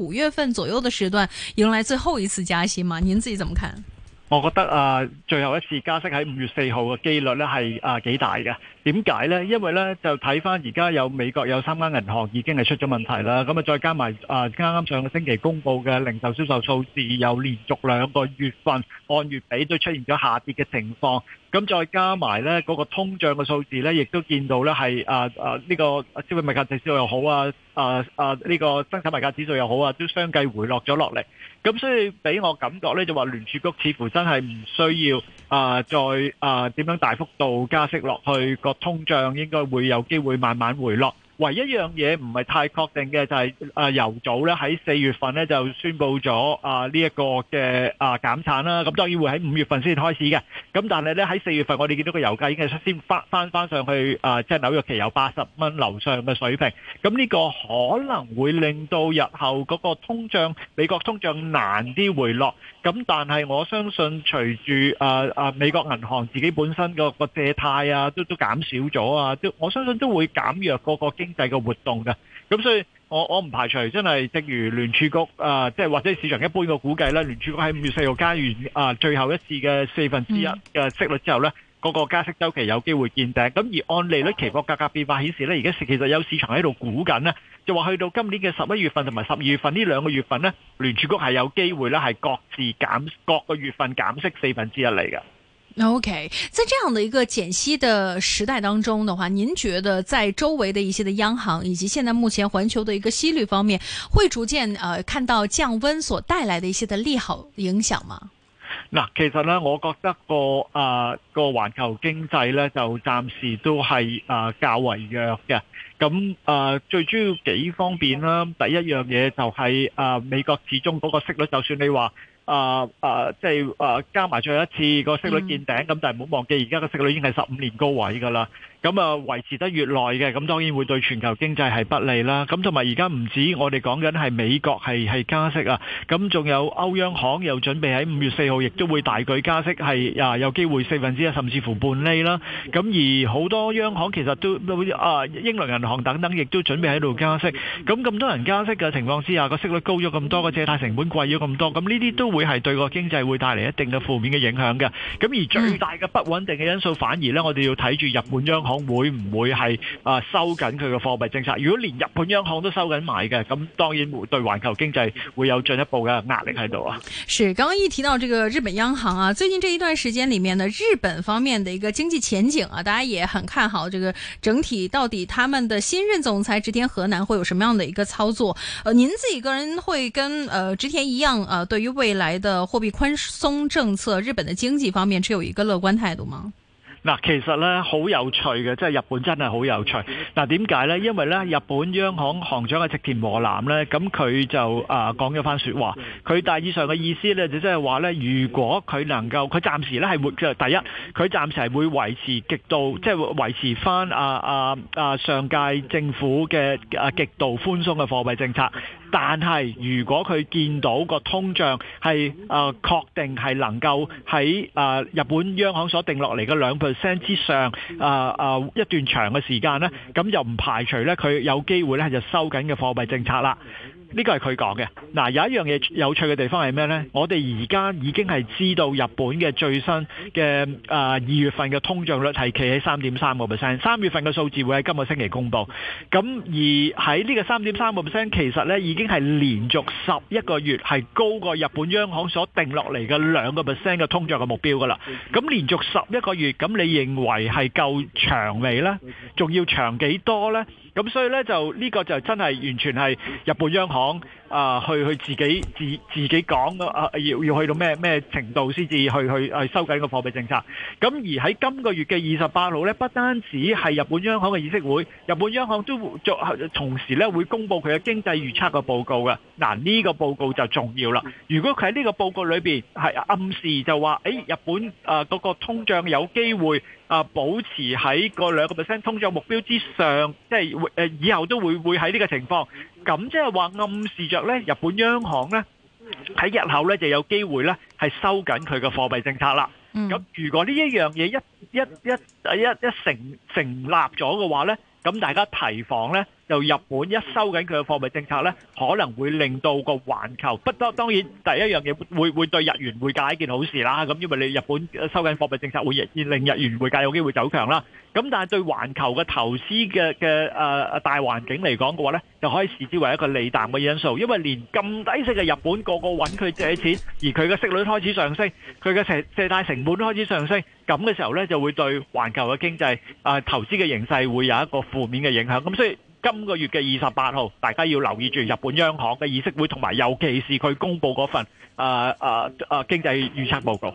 五月份左右嘅時段迎來最後一次加息嗎？您自己怎麼看？我覺得啊、呃，最後一次加息喺五月四號嘅幾率咧係啊幾大嘅。點解咧？因為咧就睇翻而家有美國有三間銀行已經係出咗問題啦。咁啊再加埋啊啱啱上個、呃、星期公布嘅零售銷售數字，有連續兩個月份按月比都出現咗下跌嘅情況。咁再加埋呢嗰個通脹嘅數字呢，亦都見到呢係啊啊呢個消費物價指數又好啊，啊啊呢個生產物價指數又好啊，都相繼回落咗落嚟。咁所以俾我感覺呢，就話聯儲局似乎真係唔需要啊再啊點樣大幅度加息落去，個通脹應該會有機會慢慢回落。唯一一樣嘢唔係太確定嘅就係啊油組，咧喺四月份咧就宣布咗啊呢一個嘅啊減產啦，咁當然會喺五月份先開始嘅。咁但係咧喺四月份我哋見到個油價已經係先翻翻翻上去啊，即係紐約期油八十蚊樓上嘅水平。咁呢個可能會令到日後嗰個通脹美國通脹難啲回落。咁但係我相信隨住啊啊美國銀行自己本身個個借貸啊都都減少咗啊，都我相信都會減弱嗰個經。制嘅活動咁所以我我唔排除真係，正如聯儲局啊，即係或者市場一般嘅估計咧，聯儲局喺五月四號加完啊、呃、最後一次嘅四分之一嘅息率之後呢個個加息周期有機會見頂。咁而按利率期貨價格變化顯示呢而家其實有市場喺度估緊呢就話去到今年嘅十一月份同埋十二月份呢兩個月份呢聯儲局係有機會呢係各自減各個月份減息四分之一嚟嘅。O、okay. K，在這樣的一個減息的時代當中的話，您覺得在周圍的一些的央行以及現在目前環球的一個息率方面，會逐漸呃看到降溫所帶來的一些的利好影響嗎？嗱，其實呢我覺得、這個呃、這個環球經濟呢就暫時都係啊、呃、較為弱嘅。咁、嗯、啊、呃，最主要幾方面啦，嗯、第一樣嘢就係、是、啊、呃、美國始終嗰個息率，就算你話。啊啊、呃呃，即係啊、呃，加埋最後一次個息率見頂咁，嗯、但係唔好忘記，而家個息率已經係十五年高位噶啦。咁啊，維持得越耐嘅，咁當然會對全球經濟係不利啦。咁同埋而家唔止我哋講緊係美國係係加息啊，咁仲有歐央行又準備喺五月四號亦都會大舉加息，係啊，有機會四分之一甚至乎半釐啦。咁而好多央行其實都啊，英倫銀行等等亦都準備喺度加息。咁咁多人加息嘅情況之下，個息率高咗咁多，個借貸成本貴咗咁多，咁呢啲都會係對個經濟會帶嚟一定嘅負面嘅影響嘅。咁而最大嘅不穩定嘅因素，反而咧我哋要睇住日本央行。會唔會係啊收緊佢嘅貨幣政策？如果連日本央行都收緊埋嘅，咁當然會對環球經濟會有進一步嘅壓力喺度啊。是，剛剛一提到這個日本央行啊，最近這一段時間裏面呢，日本方面的一個經濟前景啊，大家也很看好。這個整體到底他們的新任總裁植田和男會有什麼樣的一個操作？呃，您自己個人會跟呃植田一樣，啊，呃，對於未來的貨幣寬鬆政策，日本的經濟方面持有一個樂觀態度嗎？嗱，其實咧好有趣嘅，即係日本真係好有趣。嗱，點解呢？因為呢，日本央行行長嘅植田和男呢，咁佢就啊講咗番説話，佢大意上嘅意思呢，就即係話呢，如果佢能夠，佢暫時呢係活嘅。第一，佢暫時係會維持極度，即係維持翻啊啊啊上屆政府嘅啊極度寬鬆嘅貨幣政策。但係，如果佢見到個通脹係誒、呃、確定係能夠喺誒、呃、日本央行所定落嚟嘅兩 percent 之上誒誒、呃呃、一段長嘅時間呢，咁又唔排除呢，佢有機會係就收緊嘅貨幣政策啦。呢個係佢講嘅。嗱，有一樣嘢有趣嘅地方係咩呢？我哋而家已經係知道日本嘅最新嘅啊二月份嘅通脹率係企喺三點三個 percent，三月份嘅數字會喺今個星期公布。咁而喺呢個三點三個 percent，其實呢已經係連續十一個月係高過日本央行所定落嚟嘅兩個 percent 嘅通脹嘅目標㗎啦。咁連續十一個月，咁你認為係夠長未呢？仲要長幾多呢？咁所以咧就呢個就真係完全係日本央行。啊，去去自己自自己講啊，要要去到咩咩程度先至去去去收緊個貨幣政策。咁而喺今個月嘅二十八號呢，不單止係日本央行嘅議息會，日本央行都會同時呢會公布佢嘅經濟預測嘅報告嘅。嗱、啊、呢、呢個報告就重要啦。如果佢喺呢個報告裏面係暗示就話，誒、哎、日本啊嗰、嗰個通脹有機會啊保持喺個兩個 percent 通脹目標之上，即、就、係、是、以後都會會喺呢個情況。咁即係話暗示著呢，日本央行呢喺日後呢就有機會呢係收緊佢嘅貨幣政策啦。咁如果呢一樣嘢一一一一一成成立咗嘅話呢，咁大家提防呢。就日本一收緊佢嘅貨幣政策呢，可能會令到個環球不當，當然第一樣嘢會會對日元匯價係一件好事啦。咁因為你日本收緊貨幣政策會令日元匯價有機會走強啦。咁但係對環球嘅投資嘅嘅誒大環境嚟講嘅話呢，就可以視之為一個利淡嘅因素。因為連咁低息嘅日本個個揾佢借錢，而佢嘅息率開始上升，佢嘅成借貸成本開始上升，咁嘅時候呢就會對環球嘅經濟啊投資嘅形勢會有一個負面嘅影響。咁所以今個月嘅二十八號，大家要留意住日本央行嘅議息會同埋尤其是佢公布嗰份誒誒誒經濟預測報告。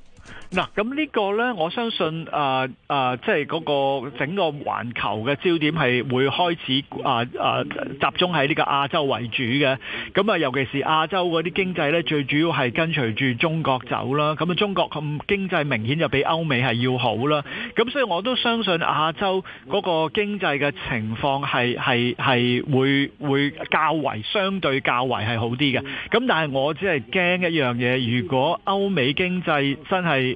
嗱，咁呢個呢，我相信誒誒，即係嗰個整個環球嘅焦點係會開始啊，啊，集中喺呢個亞洲為主嘅。咁啊，尤其是亞洲嗰啲經濟呢，最主要係跟隨住中國走啦。咁啊，中國咁經濟明顯就比歐美係要好啦。咁所以我都相信亞洲嗰個經濟嘅情況係係係會會較為相對較為係好啲嘅。咁但係我只係驚一樣嘢，如果歐美經濟真係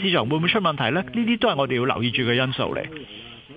市場會唔會出問題咧？呢啲都係我哋要留意住嘅因素嚟。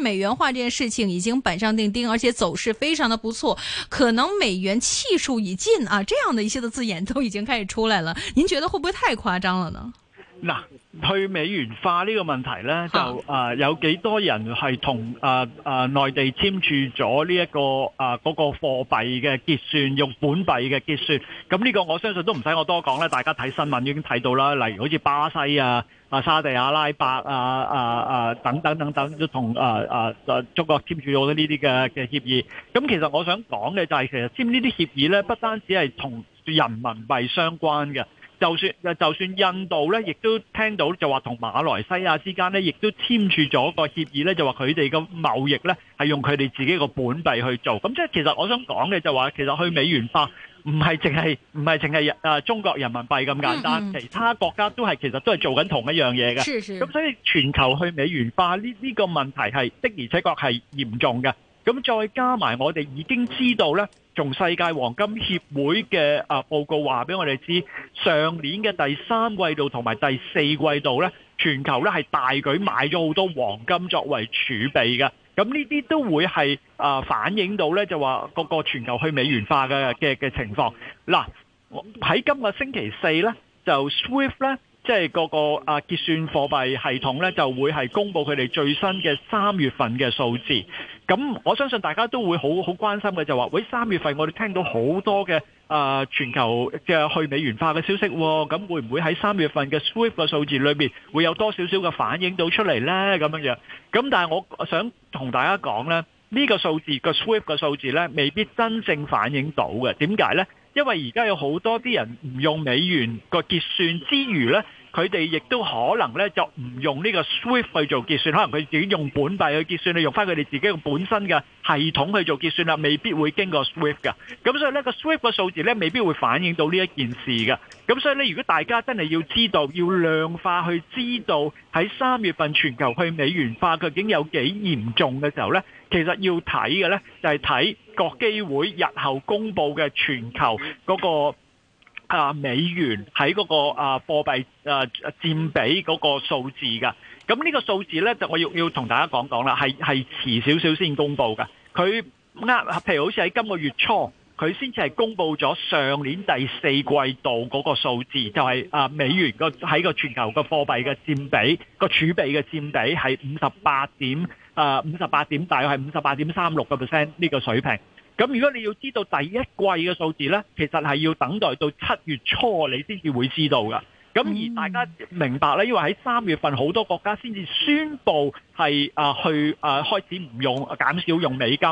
美元化這件事情已經板上釘釘，而且走勢非常的不錯，可能美元氣數已盡啊，這樣的一些的字眼都已經開始出來了。您覺得會不會太誇張了呢？嗱，去美元化呢個問題呢，哈就誒、呃、有幾多人係同誒誒、呃呃、內地簽署咗呢一個誒嗰、呃那個貨幣嘅結算用本幣嘅結算，咁呢個我相信都唔使我多講咧，大家睇新聞已經睇到啦，例如好似巴西啊。啊，沙地阿拉伯啊、啊啊等等等等，都同啊啊中國簽署咗呢啲嘅嘅協議。咁其實我想講嘅就係、是，其實簽呢啲協議咧，不單止係同人民幣相關嘅，就算就算印度咧，亦都聽到就話同馬來西亞之間咧，亦都簽署咗個協議咧，就話佢哋嘅貿易咧係用佢哋自己個本幣去做。咁即係其實我想講嘅就話、是，其實去美元化。唔係淨係唔係淨係誒中國人民幣咁簡單，嗯嗯、其他國家都係其實都係做緊同一樣嘢嘅。咁所以全球去美元化呢呢、呢個問題係的而且確係嚴重嘅。咁再加埋我哋已經知道咧，從世界黃金協會嘅啊報告話俾我哋知，上年嘅第三季度同埋第四季度咧，全球咧係大舉買咗好多黃金作為儲備嘅。咁呢啲都會係啊反映到呢就話個個全球去美元化嘅嘅嘅情況。嗱，喺今個星期四呢，就 SWIFT 呢，即係個個啊結算貨幣系統呢，就會係公布佢哋最新嘅三月份嘅數字。咁我相信大家都會好好關心嘅，就話喂，三月份我哋聽到好多嘅啊全球嘅去美元化嘅消息喎，咁會唔會喺三月份嘅 SWIFT 嘅數字裏面會有多少少嘅反映到出嚟咧？咁樣樣，咁，但係我想同大家講咧，呢、呢個數字、個 SWIFT 嘅數字咧，未必真正反映到嘅。點解咧？因為而家有好多啲人唔用美元個結算之餘咧。佢哋亦都可能咧，就唔用呢個 SWIFT 去做結算，可能佢自己用本幣去結算，你用翻佢哋自己本身嘅系統去做結算啦，未必會經過 SWIFT 噶咁所以呢個 SWIFT 嘅數字咧，未必會反映到呢一件事嘅。咁所以咧，如果大家真係要知道，要量化去知道喺三月份全球去美元化究竟有幾嚴重嘅時候咧，其實要睇嘅咧就係、是、睇國基會日後公布嘅全球嗰、那個。啊，美元喺嗰、那個啊貨幣啊佔比嗰個數字㗎。咁呢個數字咧就我要要同大家講講啦，係係遲少少先公布㗎。佢呃譬如好似喺今個月初，佢先至係公布咗上年第四季度嗰個數字，就係、是、啊美元喺個全球個貨幣嘅佔比，個儲備嘅佔比係五十八點啊五十八點，啊、點大概係五十八點三六個 percent 呢個水平。咁如果你要知道第一季嘅數字呢，其實係要等待到七月初你先至會知道噶。咁而大家明白咧，因為喺三月份好多國家先至宣布係啊去啊開始唔用減少用美金，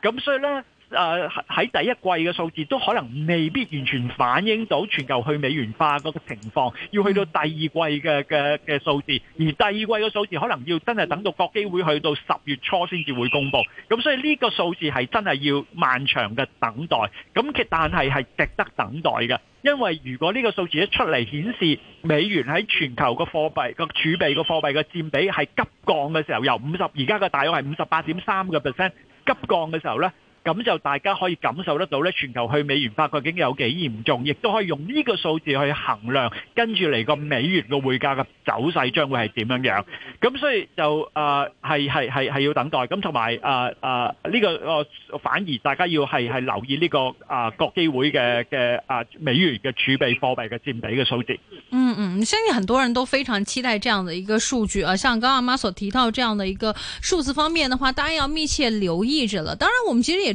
咁所以呢。誒喺、啊、第一季嘅數字都可能未必完全反映到全球去美元化嗰個情況，要去到第二季嘅嘅嘅數字，而第二季嘅數字可能要真係等到國基會去到十月初先至會公布。咁所以呢個數字係真係要漫長嘅等待。咁其但係係值得等待嘅，因為如果呢個數字一出嚟顯示美元喺全球嘅貨幣個儲備個貨幣嘅佔比係急降嘅時候，由五十而家嘅大約係五十八點三個 percent 急降嘅時候咧。咁就大家可以感受得到咧，全球去美元化究竟有幾嚴重，亦都可以用呢個數字去衡量，跟住嚟個美元嘅匯價嘅走勢將會係點樣樣。咁所以就誒係係係係要等待。咁同埋誒誒呢個、呃、反而大家要係係留意呢、這個啊、呃、國基會嘅嘅啊美元嘅儲備貨幣嘅佔比嘅數字。嗯嗯，相信很多人都非常期待這樣的一個數據啊。像剛阿媽所提到這樣的一個數字方面的話，大家要密切留意着啦。當然，我們其實。也。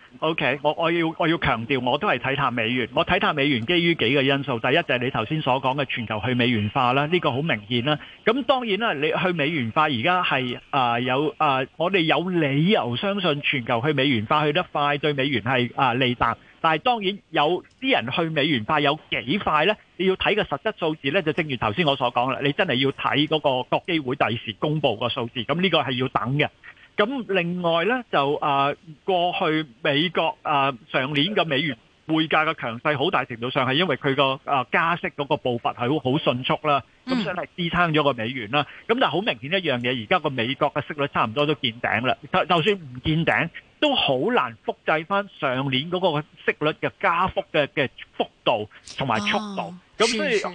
O K，我我要我要強調，我都係睇淡美元。我睇淡美元基於幾個因素，第一就係你頭先所講嘅全球去美元化啦，呢個好明顯啦。咁當然啦，你去美元化而家係啊有啊，我哋有理由相信全球去美元化去得快，對美元係啊利淡。但係當然有啲人去美元化有幾快呢？你要睇個實質數字呢，就正如頭先我所講啦，你真係要睇嗰個國基會第時公布個數字，咁呢個係要等嘅。咁另外咧就啊，過去美國啊上年嘅美元匯價嘅強勢，好大程度上係因為佢個啊加息嗰個步伐係好好迅速啦，咁所以係支撐咗個美元啦。咁但係好明顯一樣嘢，而家個美國嘅息率差唔多都見頂啦，就就算唔見頂，都好難複製翻上年嗰個息率嘅加幅嘅嘅幅度同埋速度，咁、哦、所以誒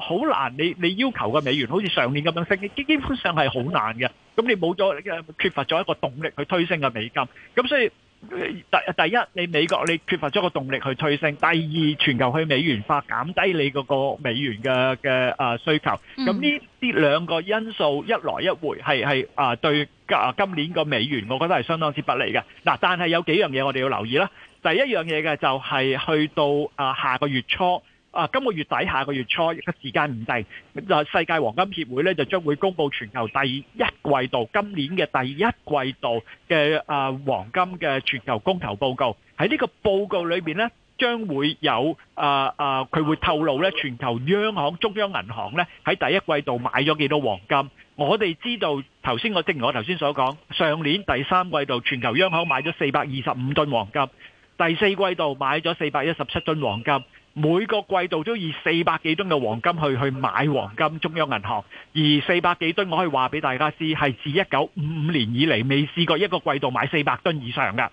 好是、呃、難，你你要求嘅美元好似上年咁樣升，基基本上係好難嘅。咁你冇咗缺乏咗一個動力去推升嘅美金，咁所以第、呃、第一，你美國你缺乏咗一個動力去推升；第二，全球去美元化減低你嗰個美元嘅嘅、呃、需求。咁呢啲兩個因素一來一回係係啊對，啊、今年個美元，我覺得係相當之不利嘅。嗱、啊，但係有幾樣嘢我哋要留意啦。第一樣嘢嘅就係去到啊下個月初啊今個月底下個月初，時間唔定、啊。世界黃金協會咧就將會公布全球第一季度今年嘅第一季度嘅啊黃金嘅全球供求報告。喺呢個報告裏面呢，將會有啊啊，佢、啊、會透露咧，全球央行中央銀行咧喺第一季度買咗幾多黃金？我哋知道頭先，正如我頭先所講，上年第三季度全球央行買咗四百二十五噸黃金，第四季度買咗四百一十七噸黃金，每個季度都以四百幾噸嘅黃金去去買黃金中央銀行，而四百幾噸我可以話俾大家知係自一九五五年以嚟未試過一個季度買四百噸以上嘅。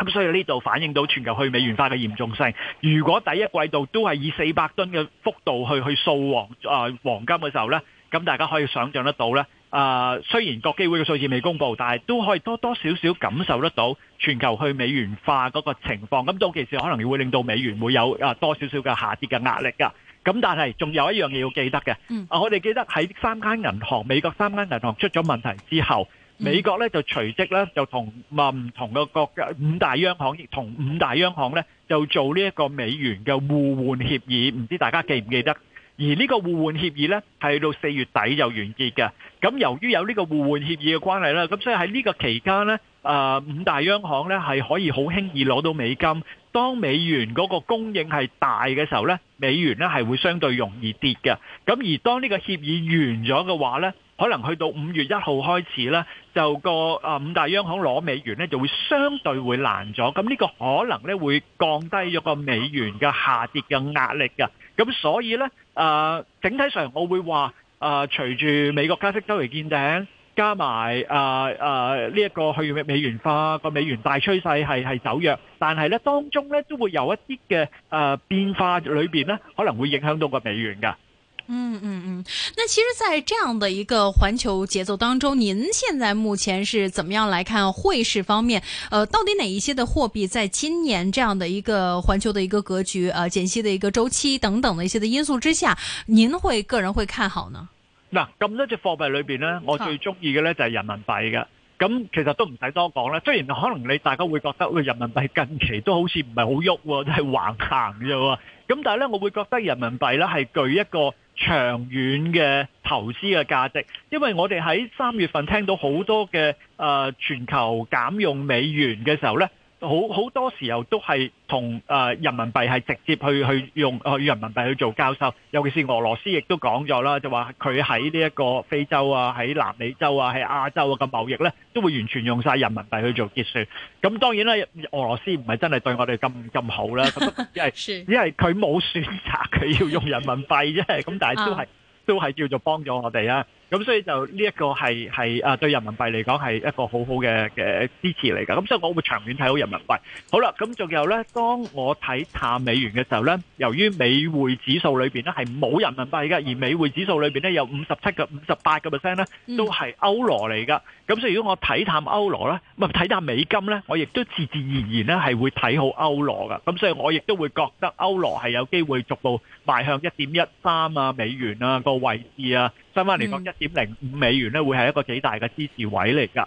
咁所以呢度反映到全球去美元化嘅嚴重性。如果第一季度都係以四百噸嘅幅度去去掃黃啊黃金嘅時候咧，咁大家可以想象得到咧。啊，雖然國基會嘅數字未公布，但係都可以多多少少感受得到全球去美元化嗰個情況。咁到其時可能會令到美元會有啊多少少嘅下跌嘅壓力㗎。咁但係仲有一樣嘢要記得嘅。嗯。啊，我哋記得喺三間銀行，美國三間銀行出咗問題之後。美國咧就隨即咧就同話唔同嘅國家五大央行，同五大央行咧就做呢一個美元嘅互換協議，唔知大家記唔記得？而呢個互換協議咧，係到四月底就完結嘅。咁由於有呢個互換協議嘅關係啦，咁所以喺呢個期間咧，誒五大央行咧係可以好輕易攞到美金。當美元嗰個供應係大嘅時候咧，美元咧係會相對容易跌嘅。咁而當呢個協議完咗嘅話咧，可能去到五月一號開始呢就個啊五大央行攞美元呢就會相對會難咗，咁呢個可能呢會降低咗個美元嘅下跌嘅壓力噶，咁所以呢，啊、呃，整體上我會話啊、呃，隨住美國加息周期見頂，加埋啊啊呢一個去美元化個美元大趨勢係係走弱，但係呢當中呢都會有一啲嘅啊變化裏面呢可能會影響到個美元噶。嗯嗯嗯，那其實，在這樣的一個環球節奏當中，您現在目前是怎麼樣來看匯市方面？呃，到底哪一些的貨幣在今年這樣的一個環球的一個格局、呃減息的一個周期等等的一些的因素之下，您會個人會看好呢？嗱、嗯，咁多隻貨幣裏邊呢，我最中意嘅呢就係人民幣嘅，咁好其實都唔使多講啦，雖然可能你大家會覺得，喂，人民幣近期都好似唔係好喐喎，都係橫行啫喎。咁但係呢，我會覺得人民幣呢，係具一個。長遠嘅投資嘅價值，因為我哋喺三月份聽到好多嘅誒全球減用美元嘅時候咧，好好多時候都係同誒人民幣係直接去去用去人民幣去做交收，尤其是俄羅斯亦都講咗啦，就話佢喺呢一個非洲啊、喺南美洲啊、喺亞洲啊嘅貿易咧，都會完全用晒人民幣去做結算。咁當然啦，俄羅斯唔係真係對我哋咁咁好啦，因為因為佢冇選擇，佢要用人民幣啫。咁但係都係都係叫做幫咗我哋啊。咁所以就呢一個係係啊對人民幣嚟講係一個好好嘅嘅支持嚟㗎，咁所以我會長遠睇好人民幣。好啦，咁仲有咧，當我睇淡美元嘅時候咧，由於美匯指數裏邊咧係冇人民幣㗎，而美匯指數裏邊咧有五十七個、五十八個 percent 咧都係歐羅嚟㗎。咁所以如果我睇淡歐羅咧，唔係睇淡美金咧，我亦都自自然然咧係會睇好歐羅㗎。咁所以我亦都會覺得歐羅係有機會逐步邁向一點一三啊美元啊個位置啊。相反嚟講，一點零五美元會會係一個幾大嘅支持位嚟㗎。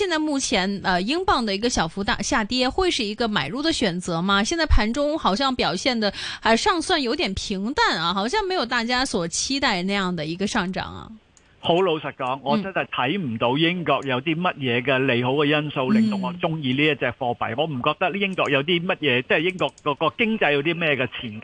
現在目前，呃，英鎊的一個小幅大下跌，會是一個買入的選擇嗎？現在盤中好像表現得，還、啊、尚算有點平淡啊，好像沒有大家所期待那樣的一個上漲啊。好老實講，我真係睇唔到英國有啲乜嘢嘅利好嘅因素，嗯、令到我中意呢一隻貨幣，我唔覺得英國有啲乜嘢，即、就、係、是、英國嗰個經濟有啲咩嘅前景。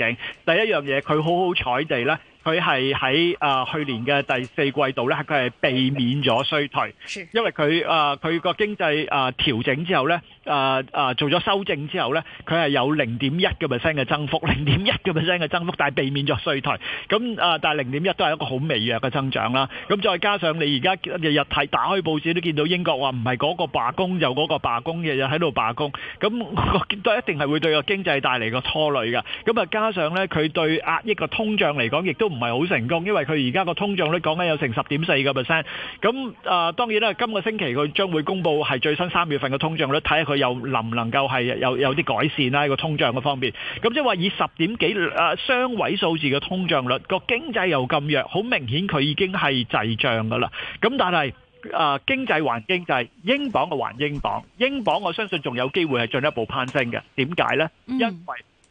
第一樣嘢，佢好好彩地咧。佢係喺啊去年嘅第四季度咧，佢係避免咗衰退，因為佢啊佢個經濟啊調整之後咧，啊啊做咗修正之後咧，佢係有零點一嘅 percent 嘅增幅，零點一嘅 percent 嘅增幅，但係避免咗衰退。咁啊，但係零點一都係一個好微弱嘅增長啦。咁再加上你而家日日睇，打開報紙都見到英國話唔係嗰個罷工又嗰個罷工，日日喺度罷工，咁都一定係會對個經濟帶嚟個拖累㗎。咁啊，加上咧佢對壓抑個通脹嚟講，亦都，唔係好成功，因為佢而家個通脹率講緊有成十點四個 percent。咁啊、呃，當然啦，今個星期佢將會公布係最新三月份嘅通脹率，睇下佢又能唔能夠係有有啲改善啦、啊，個通脹嘅方面，咁即係話以十點幾啊雙位數字嘅通脹率，個經濟又咁弱，好明顯佢已經係滯脹㗎啦。咁但係啊、呃，經濟還經濟，英鎊嘅還英鎊，英鎊我相信仲有機會係進一步攀升嘅。點解呢？因為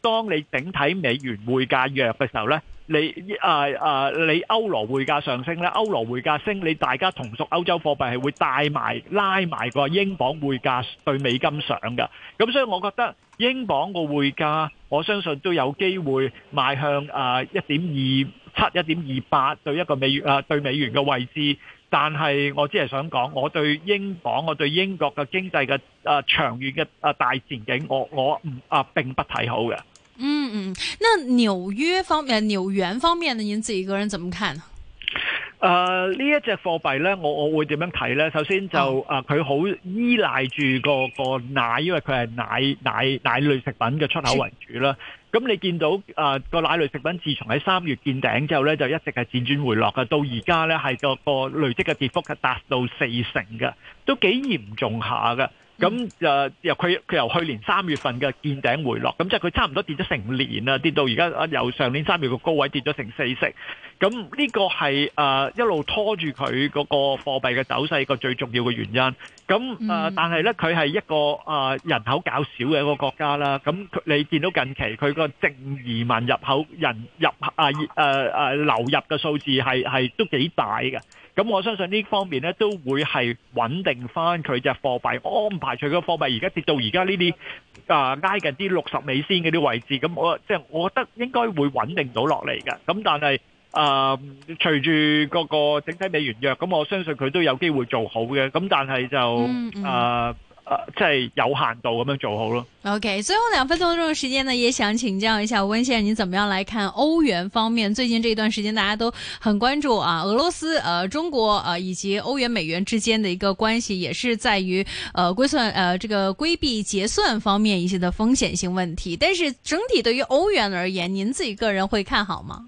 當你整體美元匯價弱嘅時候呢，你啊啊你歐羅匯價上升呢，歐羅匯價升，你大家同屬歐洲貨幣係會帶埋拉埋個英鎊匯價對美金上嘅，咁所以我覺得英鎊個匯價我相信都有機會邁向啊一點二七、一點二八對一個美啊對美元嘅位置，但係我只係想講，我對英鎊、我對英國嘅經濟嘅啊長遠嘅啊大前景，我我唔啊並不睇好嘅。嗯嗯，那紐約方面、紐元方面呢？您自己個人怎麼看呢？誒、呃，呢一隻貨幣呢，我我會點樣睇呢？首先就誒，佢好、嗯呃、依賴住個個奶，因為佢係奶奶奶類食品嘅出口為主啦。咁是、嗯、你見到誒個、呃、奶類食品自從喺三月見頂之後呢，就一直係輾轉回落嘅，到而家呢，係個個累積嘅跌幅係達到四成嘅，都幾嚴重下嘅。咁誒由佢佢由去年三月份嘅見頂回落，咁即係佢差唔多跌咗成年啦，跌到而家啊由上年三月個高位跌咗成四成。咁呢個係誒一路拖住佢嗰個貨幣嘅走勢，個最重要嘅原因。咁誒，但係咧，佢係一個誒人口較少嘅一個國家啦。咁佢你見到近期佢個淨移民入口人入啊誒誒流入嘅數字係係都幾大嘅。咁我相信呢方面咧都會係穩定翻佢隻貨幣，我唔排除佢個貨幣而家跌到而家呢啲啊挨近啲六十美仙嗰啲位置。咁我即係我覺得應該會穩定到落嚟嘅。咁但係。呃隨住各個整體美元弱咁我相信佢都有機會做好嘅，咁但係就、嗯嗯、呃即係、呃就是、有限度咁樣做好咯。OK，最後兩分鐘嘅時間呢，也想請教一下温先生，您怎麼樣來看歐元方面？最近這一段時間大家都很關注啊，俄羅斯、呃中國、呃以及歐元美元之間的一個關係，也是在於呃規算呃這個規避結算方面一些的風險性問題。但是整體對於歐元而言，您自己個人會看好嗎？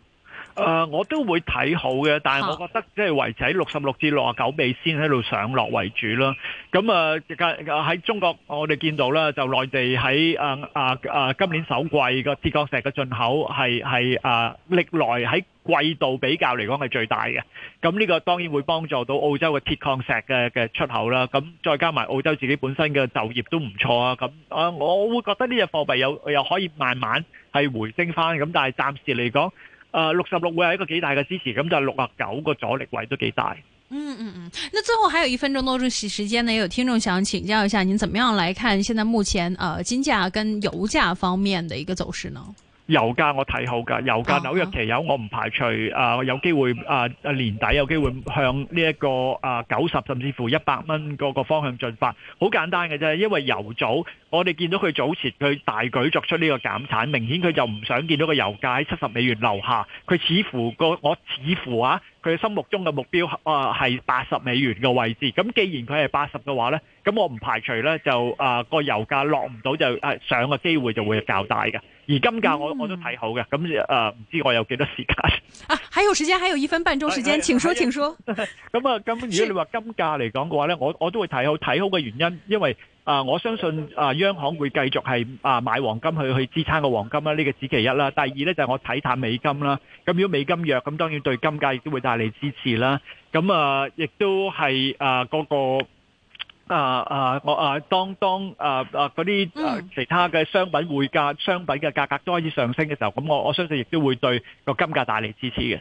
誒，我都會睇好嘅，但係我覺得即係維持六十六至六啊九美先喺度上落為主咯。咁啊，而家喺中國，我哋見到咧，就內地喺誒誒誒今年首季個鐵礦石嘅進口係係誒歷來喺季度比較嚟講係最大嘅。咁呢個當然會幫助到澳洲嘅鐵礦石嘅嘅出口啦。咁再加埋澳洲自己本身嘅就業都唔錯啊。咁啊，我會覺得呢隻貨幣有又可以慢慢係回升返。咁但係暫時嚟講。六十六會係一個幾大嘅支持，咁就六啊九個阻力位都幾大。嗯嗯嗯，那最後還有一分鐘多鐘時間呢，有聽眾想請教一下，您怎麼樣來看現在目前誒、呃、金價跟油價方面嘅一個走勢呢？油價我睇好㗎，油價紐約期油我唔排除啊有機會啊啊年底有機會向呢一個啊九十甚至乎一百蚊嗰個方向進發，好簡單嘅啫，因為油早我哋見到佢早前佢大舉作出呢個減產，明顯佢就唔想見到個油價喺七十美元樓下，佢似乎個我似乎啊。佢心目中嘅目標啊係八十美元嘅位置，咁既然佢係八十嘅話咧，咁我唔排除咧就啊個、呃、油價落唔到就誒上嘅機會就會較大嘅。而金價我、嗯、我都睇好嘅，咁誒唔知我有幾多時間啊？還有時間，還有一分半鐘時間，請說請說。咁啊，咁如果你話金價嚟講嘅話咧，我我都會睇好，睇好嘅原因因為。啊！我相信啊，央行會繼續係啊買黃金去去支撐個黃金啦。呢個指其一啦。第二呢，就係我睇淡美金啦。咁如果美金弱，咁當然對金價亦都會帶嚟支持啦。咁啊，亦都係啊嗰個啊啊我啊當當啊嗰啲其他嘅商品匯價、商品嘅價格都開始上升嘅時候，咁我我相信亦都會對個金價帶嚟支持嘅。